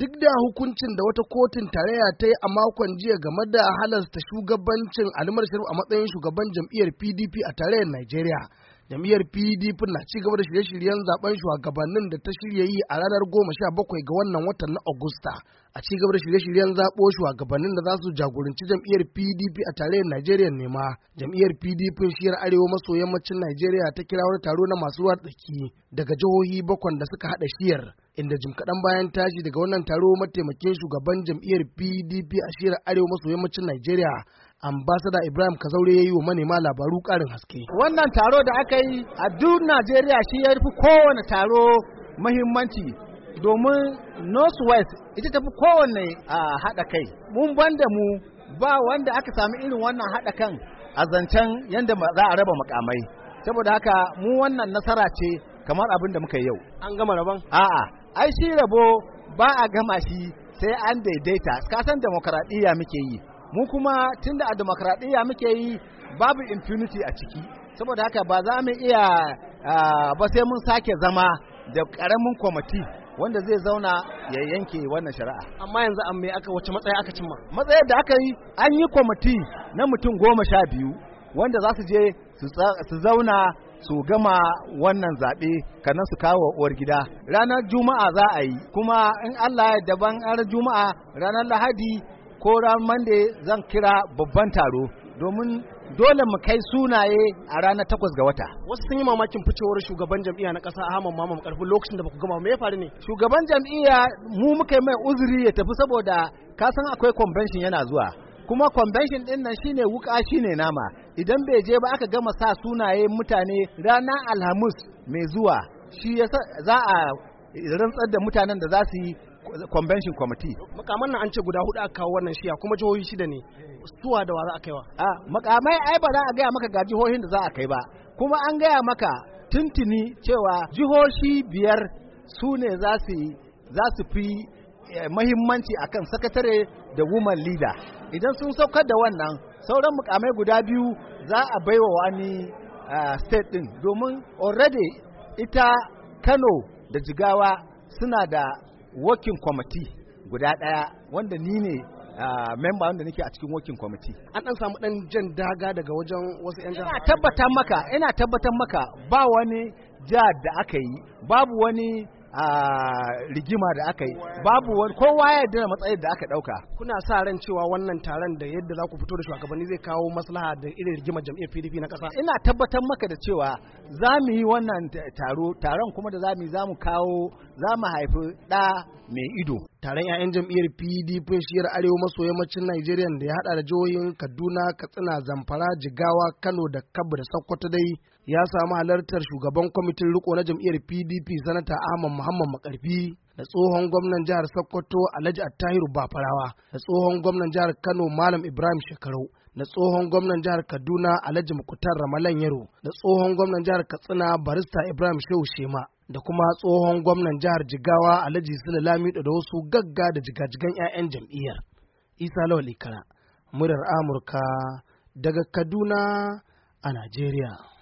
duk da hukuncin da wata kotun tarayya ta yi a makon jiya game da halasta shugabancin alimar sharif a matsayin shugaban jam'iyyar pdp a tarayyar nigeria jam'iyyar pdp na ci gaba da shirye-shiryen zaben shugabannin da ta shirya yi a ranar goma sha bakwai ga wannan watan na agusta a ci gaba da shirye-shiryen zaɓo shugabannin da za su jagoranci jam'iyyar pdp a tarayyar nigeria ne ma jam'iyyar pdp shiyar arewa maso yammacin nigeria ta kira wani taro na masu ruwa tsaki daga jihohi bakwai da suka haɗa shiyar inda jim kaɗan bayan tashi daga wannan taro mataimakin shugaban jam'iyyar pdp a shirar arewa maso yammacin najeriya ambasada ibrahim kazaure ya yi wa manema labaru ƙarin haske wannan taro da aka yi a duk najeriya shi ya rufe kowane taro mahimmanci domin north west ita tafi kowane a haɗa kai mun banda mu ba wanda aka sami irin wannan haɗa kan a zancen yadda za a raba makamai saboda haka mu wannan nasara ce kamar abin da muka yi yau an gama rabon a'a ai shi rabo ba a gama shi sai an daidaita kasan demokaradiyya muke yi mu kuma tunda a demokaradiyya muke yi babu impunity a ciki saboda haka ba za mu iya ba sai mun sake zama da karamin kwamiti wanda zai zauna ya yanke wannan shari'a amma yanzu an mai aka wace matsaya aka cimma matsayar da aka yi an yi kwamiti na mutum goma sha biyu wanda za su je su zauna su gama wannan zaɓe kanan su kawo uwar gida ranar juma'a za a yi kuma in allah ya daban ranar juma'a ranar lahadi ko ranar mande zan kira babban taro domin dole mu kai sunaye a ranar takwas ga wata. Wasu sun yi mamakin ficewar shugaban jam'iyya na ƙasa Ahmad Mamam Karfi lokacin da ba gama me ya faru ne? Shugaban jam'iyya mu muka yi mai uzuri ya tafi saboda ka san akwai convention yana zuwa. kuma convention din nan shine wuka shine nama idan bai je ba aka gama sa sunaye mutane ranar alhamis mai zuwa shi ya za a rantsar da mutanen da za su yi convention committee makaman nan an ce guda hudu aka kawo wannan shiya kuma jihohi shida ne suwa da wa za a kaiwa a makamai ai ba za a gaya maka ga jihohin da za a kai ba kuma an gaya maka tuntuni cewa jihohi biyar su ne za su fi Eh, mahimmanci akan sakatare da woman leader idan sun saukar da wannan sauran mukamai guda biyu za a baiwa wani eh, state din domin already ita kano da jigawa suna da working committee guda daya wanda ni ne eh, member memba wanda nake a cikin working committee an dan samu dan jan daga daga wajen wasu yan jama'a ina tabbatar maka ina tabbatar maka ba wani jihar da aka yi babu wani a rigima da aka yi babu kowa ya yarda da matsayin da aka dauka kuna sa ran cewa wannan taron da yadda za ku fito da shugabanni zai kawo maslaha da irin rigima jam'iyyar PDP na kasa ina tabbatar maka da cewa za mu yi wannan taro taron kuma da za mu yi za mu kawo za mu haifi ɗa mai ido taron 'ya'yan jam'iyyar pdp shiyar arewa maso yammacin nigeria da ya hada da jihohin kaduna katsina zamfara jigawa kano da kabu da sokoto dai ya samu halartar shugaban kwamitin riko na jam'iyyar pdp sanata ahmad muhammad makarfi da tsohon gwamnan jihar sokoto alhaji attahiru bafarawa da tsohon gwamnan jihar kano malam ibrahim shekarau da tsohon gwamnan jihar kaduna alhaji mukutar ramalan yaro da tsohon gwamnan jihar katsina barista ibrahim shehu shema da kuma tsohon gwamnan jihar jigawa alhaji sule lamido da wasu gagga da jigajigan 'ya'yan jam'iyyar isa lawal ikara murar amurka daga kaduna a najeriya